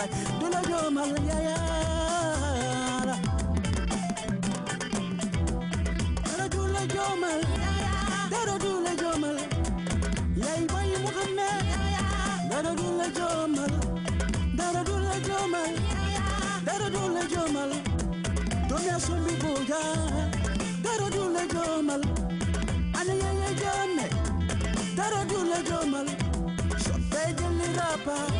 lay du la joomal yaayaara dara du la joomal dara du la joomal yaay boy Muhammad dara du la joomal dara du la joomal dara du la joomal dunya sumbi buja dara du la joomal ana yaya jamme dara du la joomal shoppe jeli rapa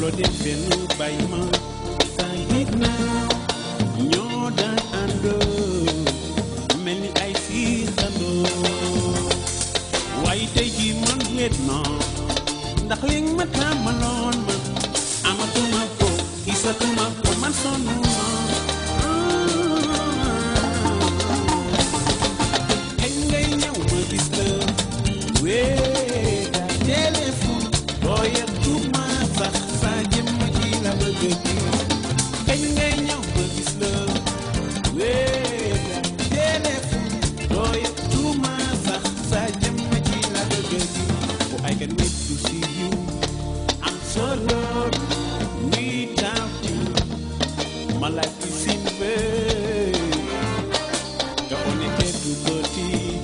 loo def benn bay ma saa yëg naa ñoo daan àndoo mel ni ay siixandoo waaye tey jii man wéet naa ndax léegi ma My life is in vain. The only thing to dirty.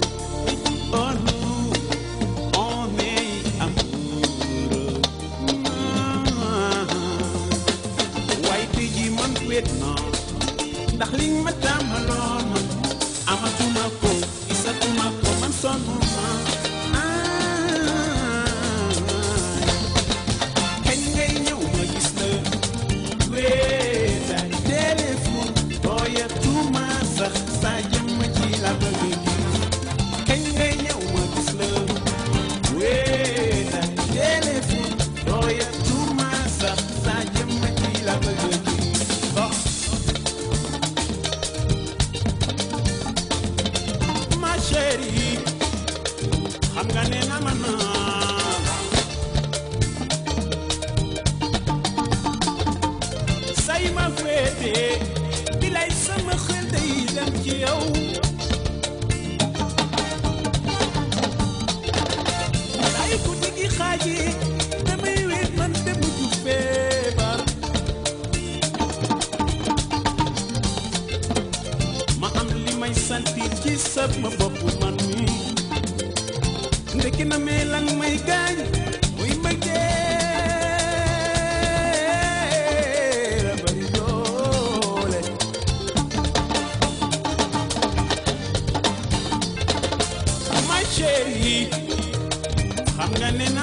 Oh no, on me amour. Why did you man wait now? Darling, madame alone, amatuma ko. sab ma bopp man mi ndekki na mee may gaañ muy mbëggeel a my chérie xam nga ne na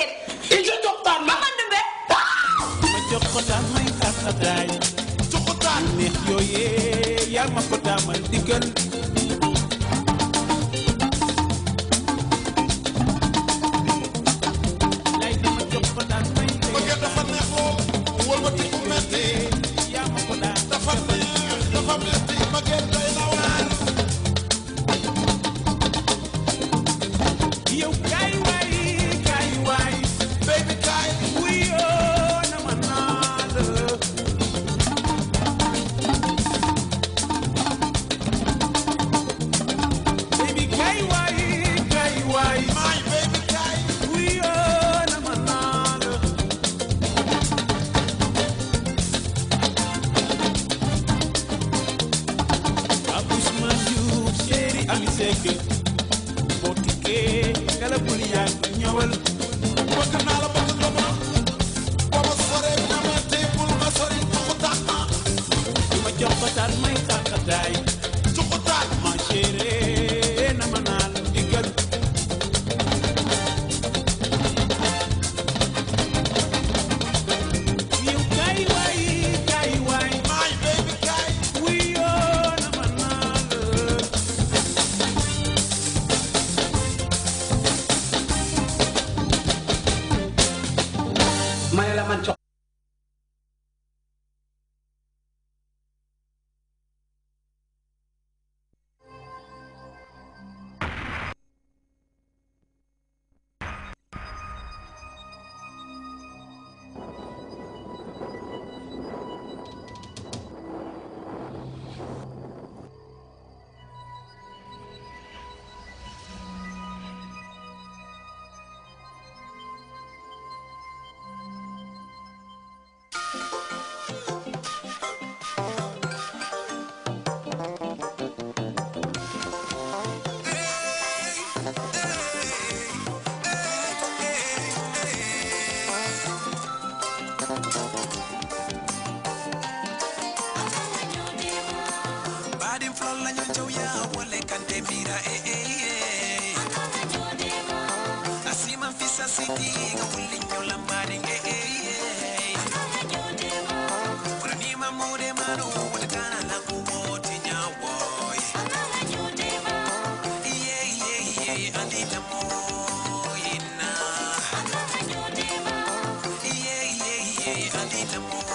déedéet. il se joxtaan ma man dëmbe. ma jox ko daan may tax a daay. jox ko daan neex yooyee yaa ma ko daamal digal. dégg boo tikkee kala bul yàgg ñëwal bëgg naa la freedom.